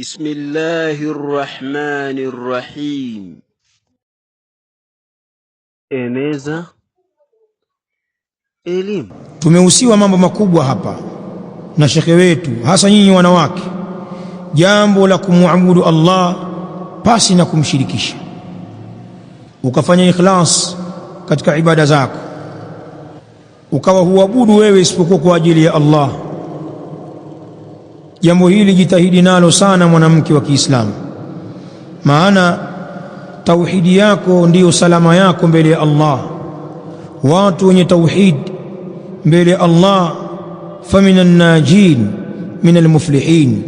بسم الله الرحمن الرحيم eneza elimu. Tumehusiwa mambo makubwa hapa na shekhe wetu, hasa nyinyi wanawake, jambo la kumwabudu Allah pasi na kumshirikisha, ukafanya ikhlas katika ibada zako, ukawa huabudu wewe isipokuwa kwa ajili ya Allah Jambo hili jitahidi nalo sana, mwanamke wa Kiislamu, maana tauhidi yako ndiyo salama yako mbele ya Allah. Watu wenye tauhidi mbele ya Allah, famina najin min almuflihin,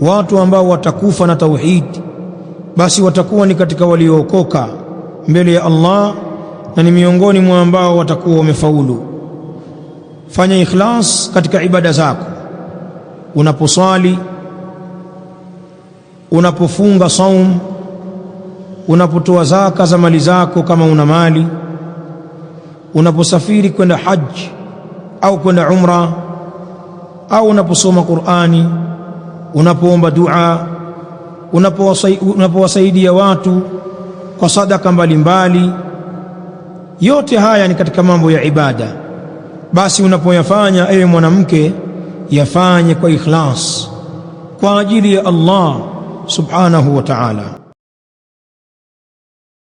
watu ambao watakufa na tauhidi, basi watakuwa ni katika waliookoka mbele ya Allah na ni miongoni mwa ambao watakuwa wamefaulu. Fanya ikhlas katika ibada zako unaposwali, unapofunga saum, unapotoa zaka za mali zako kama una mali, unaposafiri kwenda haji au kwenda umra, au unaposoma Qur'ani, unapoomba dua, unapowasaidia watu kwa sadaka mbalimbali, yote haya ni katika mambo ya ibada. Basi unapoyafanya, ewe mwanamke yafanye kwa ikhlas kwa ajili ya Allah subhanahu wa ta'ala.